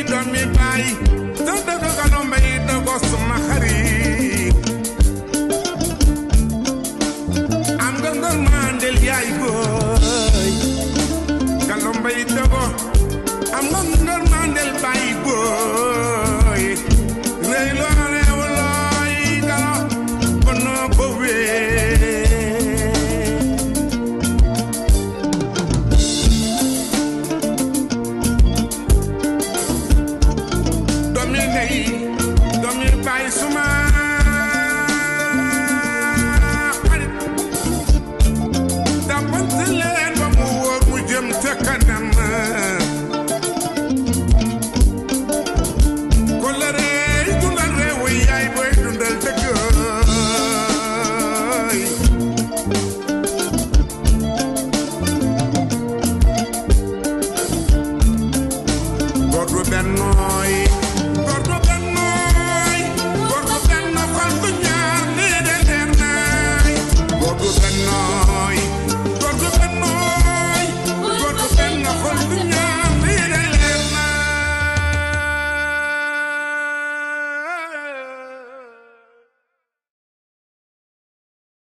day doomi baay soo dëgg gano mbay dogo suma xarit am nga ngërmandeel yaay góor